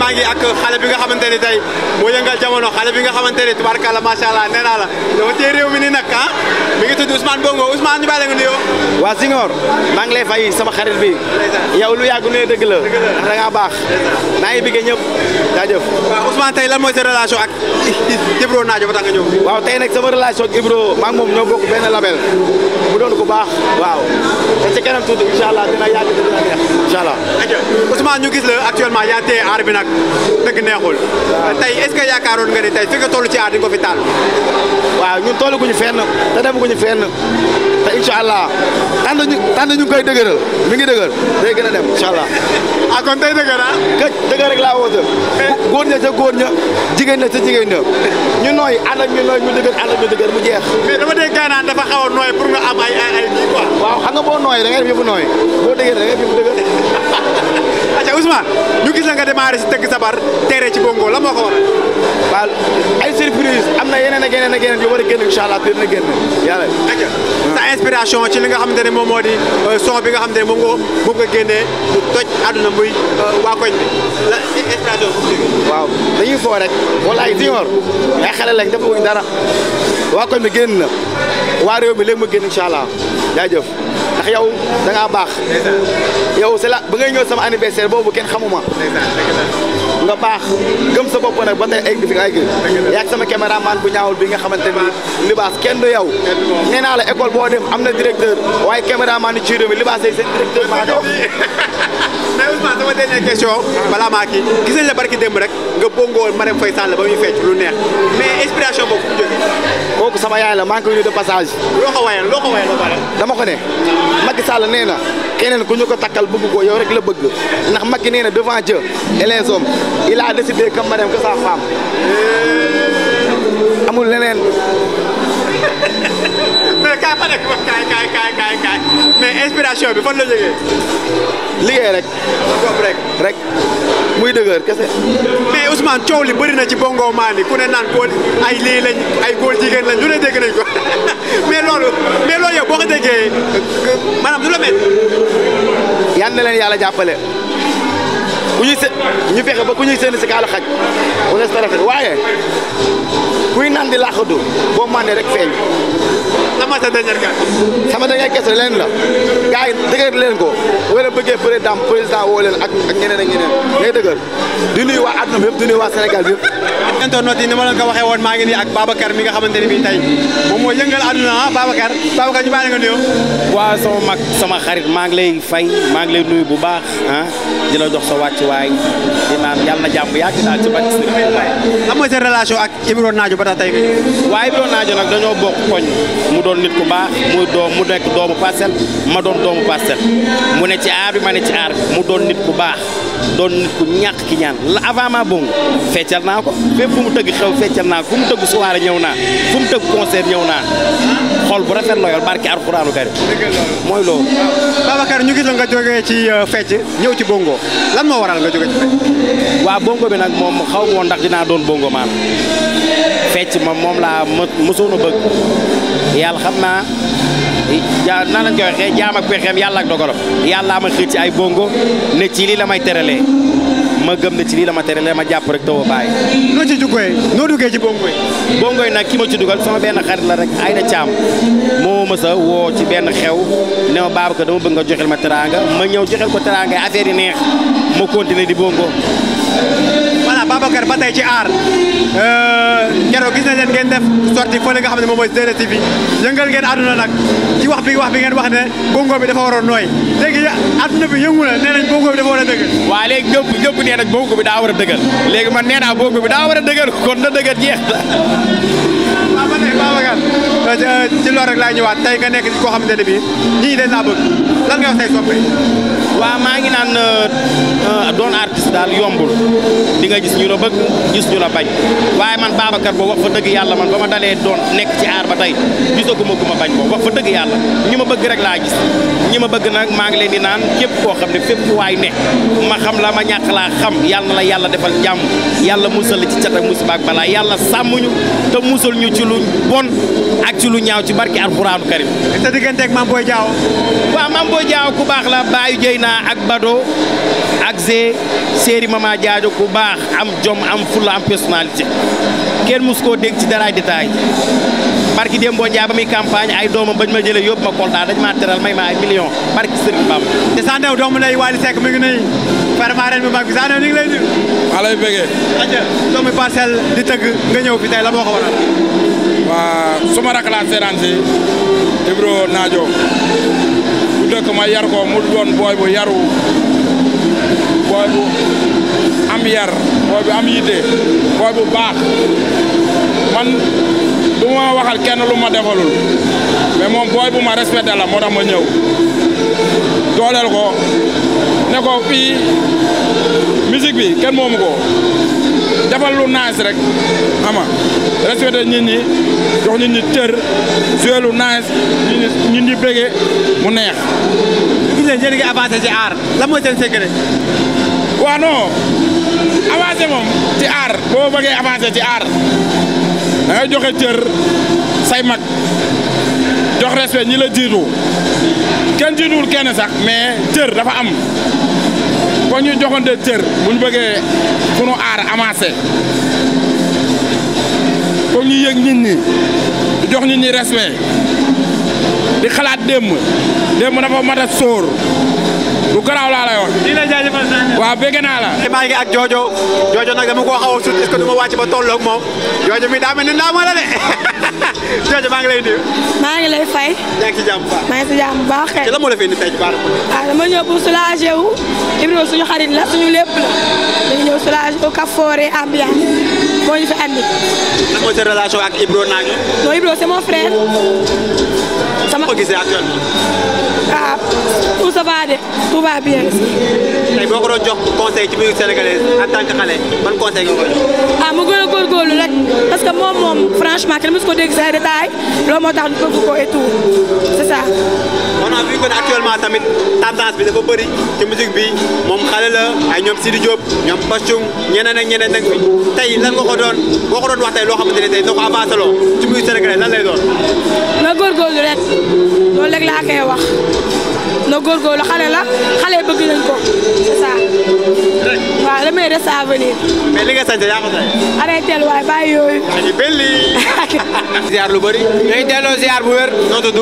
maa ngi ak xale bi nga xamante ni tey moo yëngal jamono xale bi nga xamante ni tubaarkàlla macha allah nee naa mi ni nak ah mi ngi tudd Ousmane Bongo Ousmane ñu bàyyi la nga nuyoo. waa Zingor maa ngi lay sama xarit bi yow lu yàgg ne dëgg la ndax da ngaa baax naa ngi bëggee ñëpp jaajëf. waaw Ousmane tey lan mooy sa relation ak Ibro Naajo ba tax nga ñëw. waaw tey nag sama relation ak Ibro maa ngi moom ñoo bokk benn label bu doon ko baax waaw te ci kanam tuuti incha allah dina yàgg dina neex incha allah. gis dëgg neexul. tey est-ce que yaakaaroon nga ni tey fi nga toll ci aat ko fi taal. waaw ñun tollaguñu fenn te demaguñu fenn te incha allah tant ñu tant ñu koy dëgëral mi ngi dëgër day gën a dem incha allah. ah kon tey dëgër ah. këj dëgër rek laa woote. Eh. góor ña ca góor ña jigéen ña sa jigéen ña ñu nooy ànd ak ñu nooy ñu dëgër ànd ak ñu dëgër mu jeex. mais dama dégg naan dafa xaw a nooy pour nga am ay ay ay waaw xam nga boo nooy da ngay def nooy boo dëgër da aca Ousmane ñu gis nga démarré si tëgg sabar teere ci bongo la moo ko waral ay surprise am na yeneen a yeneen ak yeneen yu war a génn incha allah dina génn yàlla aca sa inspiration ci li nga xamante ne moom moo di euh, son bi nga xamante ne moom nga moom nga génnee bu toj àdduna euh, waa koñ bi la inspiration waaw dañuy foo rek wala ay junior ay xale lañ defuñ dara waa koñ bi génn na waa réew mi léegi ma génn incha allah jaajëf ndax yow da baax. yow c'est la ba ngay ñëw sama anniversaire boobu kenn xamuma. nga baax gëm sa bopp nag ba tey egg fi nga egg. yaag sama caméraman bu ñaawul bi nga xamante ni libaas kenn du yow. nee naa la école boo dem am na directeur waaye caméraman yi ci réew libaas seen directeur maa ngi balaa maa kii gis nañ la barki démb rek nga bongool Marème Faye Sall ba muy fecc lu neex mais inspiration boobu sama yaay la maa ngi koy nuyu de passage. loo ko wayal Macky Sall nee na keneen ku ñu ko takkal bëgg ko yow rek la bëgg ndax Macky nee na devant Dieu et les hommes il a décidé que Marème que sa femme amul leneen. mais kaay fa nekk kaay kaay kaay kaay kaay mais inspiration bi fan la jógee. liggéey rek. bopp rek rek muy dëgër kese. mais Ousmane coow li bëri na ci bongo ku ne naan góor ay lii ay góor jigéen lañ lu ne dégg nañ ko. mais loolu mais loolu yow boo ko déggee maanaam du la mel. yal na leen yàlla jàppale. bu se ñu fexe ba ku ñuy seen si kaala xaj mu des na rafet waaye kuy naan di boo màndee rek feeñ. sama sa dernière carte. sama dernière question leen la gars yi dëgër leen ko wala bëggee président président woo leen ak ak ñeneen ak ñeneen ngay dëgër di nuyu waa àdduna bi yëpp di nuyu waa Sénégal yëpp. internet ni ma leen ko waxee woon maa ngi nii ak Babacar mi nga xamante ne bii tey moom moo yëngal àdduna ah Babacar Babacar ñu bàyyi la nga nuyoo. waa sama mag sama xarit maa ngi lay fay maa ngi lay nuyu bu baax ah di waay di naan yàlla na jàmm yàgg daal ci bàtt si. am nga seen relation ak Ibro Naajo ba tax tey nga ñëw. waaye Naajo nag dañoo bokk koñ mu doon nit ku baax muy mu nekk doomu parcelle ma doon doomu parcelle mu ne ci aar bi ma ne ci aar mu doon nit ku baax. doon nit ku ñàkk ki ñaan la avant ma bongo feccal naa ko fépp fu mu tëgg xew feccal naa ko fu mu tëgg soirée ñëw naa fu mu tëgg concert ñëw naa xol bu rafet la yor barki alxuraanu karim mooy loolu Babacar ñu gis la nga jógee ci euh, fecc ñëw ci bongo lan moo waral nga jógee ci fecc waaw bongo bi nag moom xaw moo ndax dinaa doon bongo maan fecc moom moom laa mësoon a bëgg yàlla xam naa ja nan lañ koy waxee jaam ak pexeem yàlla ak dogalam yàllaa ma ay bongo ne ci lii la may teralee ma gëm ne ci lii la ma teralee ma jàpp rek taw a bàyyi. noo ci duggee noo duggee ci bongo yi. bongo yi nag ki ma ci dugal sama benn xarit la rek Ayda Thiam moo ma sa woo ci benn xew ne ma Babacar dama bëgg nga joxel ma teraanga ma ñëw joxel ko teraanga affaire yi neex ma continuer di bongo. concret ba tey ci aar euh, keroog gis nañ leen ngeen def sorti fële nga xam ne moom mooy Sen TV yëngal ngeen àdduna nag wax bi wax bi ngeen wax ne bongo bi dafa waroon nooy léegi àdduna bi yëngu na nee nañ bongo bi dafa war a dëgër waaw léegi ñëpp ñëpp nee bongo bi daa war a dëgër léegi man nee naa bongo bi daa war a dëgër kon na dëgër jeex waaw ah, ba tey Babacar euh, ci loolu rek nga nekk koo xamante ne bii ñii dañ laa bëgg lan nga wax tey soppe waaw maa ngi naan euh, euh, doon artiste daal yombul di nga gis ñu la bëgg gis ñu la bañ waaye man Babacar boobu wax fa dëgg yàlla man ba ma dalee doon nekk ci aar ba tey gisaguma ku ma bañ boobu wax fa dëgg yàlla ñu ma bëgg rek laa gis ñi ma bëgg nag maa ngi leen di naan képp koo xam ne fépp waay ne ma xam la ma ñàkk laa xam yàlla na la yàlla defal jàmm yàlla musal la ci cat ak musiba ak balaa yàlla sàmm ñu te musal ñu ci lu bon ak ci lu ñaaw ci barki alxuraanu karim naa ak Bado ak Zé séeri Mama Diadio ku baax am jom am fulla am personnalité kenn mus koo dégg ci daraay détail barki démb boo jaay ba muy campagne ay doomam bañ ma jëlee yóbbu ma Kolda dañ maa teral may ma ay million barki Serigne Bam. te saa ndaw doomu ndey Wally Seck ngi nuyu vraiment ren bu bi saa ndaw ñu ngi lay nuyu. doomu parcelle di tëgg nga ñëw fi tey la moo ko waral. waa suma rakk laa seeraan si Ibro Naajo. dëkk ma yar ko mu doon booy bu yaru booy bu am yar booy bu am yite booy bu baax man du ma waxal kenn lu ma defalul mais moom booy bu ma respecté la moo tax ma dooleel ko ne ko fii musique bi kenn moomu ko defal lu nice rek ama respecté nit ñi jox nit ñi tër joué lu nice nit ñi bëgge mu neex. gis ngeen yéen a ci aar lan mooy seen secret. waaw non avancé moom ci aar boo bëggee avancé ci aar da ngay joxe cër say mag jox respect ñi la jiitu kenn jiituwul kenn sax mais cër dafa am kon ñu joxante cër bu ñu bëggee sunu aar avancé foog ñu yëg nit ñi jox nit ñi respect di xalaat démb démb dafa mat a sóor lu garaaw laa lay wax. lii la jaajëfal waaw bëgg naa maa ngi ak Jojo Jojo nag dama koo xaw a sut est-ce que ma wàcc ba tolloog moom Jojo mi daa mel ni ndaama de. Jojo maa ngi lay nuyu. maa ngi lay fay. yaa ngi ci jàmm bu baax. maa ngi ci jàmm bu baax kay. te moo la fay indi tey ci baar bi. Ah, waaw dama ñëw pour soulager wu Ibro suñu xarit la suñu lépp la dañu ñëw soulager wu Kafoore ambiance moo ñu fi andi. lan mooy sa relation ak Ibro naag yi. non Ibro c'est mon frère. sama ko gisee actuellement. ah tout ça de tout va bien. tey boo ko doon jox conseil ci biir sénégalais en tant que xale conseil nga ko jox. ah mu gën a góorgóorlu rek parce que moom moom franchement kenn mësu ko dégg say détail moo tax ñu bëgg ko et tout c'est ça. on a vu que actuellement tamit tendance bi dafa bëri ci musique bi moom xale la ay ñoom Sidi Diop ñoom Bachung ñeneen ak ñeneen ak tey lan nga ko doon boo ko doon wax tey loo xamante ne tey soo ko avancé loo ci muy Sénégalais lan lay doon. na góorgóorlu rek loolu rek laa koy wax na góorgóorlu xale la xale bëgg nañ ko c'est ça. waaw damay reste à venir. mais li nga sant yaa ko waay bàyyi yooyu. ziar lu bëri ñooy delloo ziar bu wér noo tudd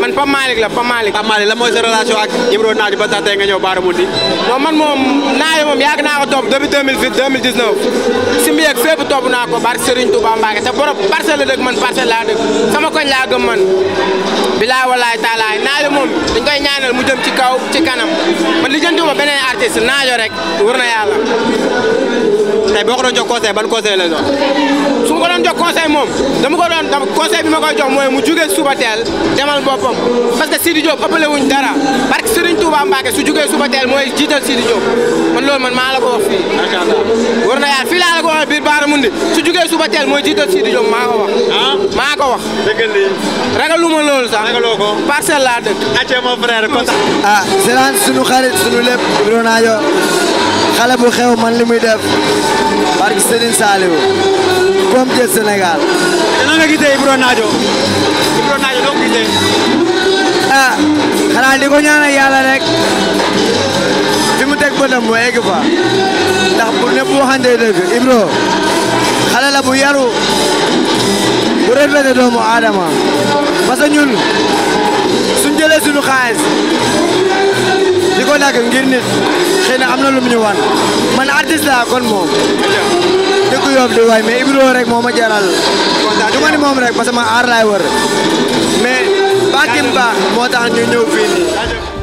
man Pape Malick la Pape Malick Pape Malick la mooy sa relation ak Imro Naajo ba tax tey nga ñëw Baara Moundi non man moom Naajo moom yàgg naa ko topp depuis 2008 2019 si mbiyeeg fépp topp naa ko barke Serigne Touba Mbacke te borom parcelle la dëkk man parcelle laa dëkk sama koñ laa gëm man bilaa walaay taalaay Naajo moom dañ koy ñaanal mu ci kaw ci kanam man li jëntu ma beneen Naajo rek wër na yàlla tey boo ko doon jox conseil ban conseil lay doon. su ma ko doon jox conseil moom dama ko doon dama conseil bi ma koy jox mooy mu jugee suba teel demal boppam parce que Sidi Diop ëppale wuñ dara parce que Serigne Touba Mbacke su jugee suba teel mooy jiital Sidi Diop man loolu man maa la ko wax fii macha na yaar fii laa la ko wax biir Baara Mundi su jugee suba teel mooy jiital Sidi Diop maa ko wax. Ah? maa ko wax. dëgg la loolu sax. ragaloo ko parcelle laa dëkk. acca mon frère kontaan. ah Zélande sunu xarit sunu xale bu xew man li muy def barke Serigne Saliou comme jël Sénégal. te nga gisee Ibro Naajo Ibro Naajo doo ko gisee. Ah, xanaa di ko ñaanal rek fi mu teg bëtam mu egg ndax bu ñëpp waxantee Ibro xale la bu yaru bu rafetee doomu aadama parce ñun suñ jëlee suñu li ko nekk ngir am na lu mu ñu wan man artiste kon moom dëkk Yoof di waay mais Ibro rek moo ma jaral du ma ni moom rek parce que ma aar laay wër mais baakim baax moo tax ñu ñëw fii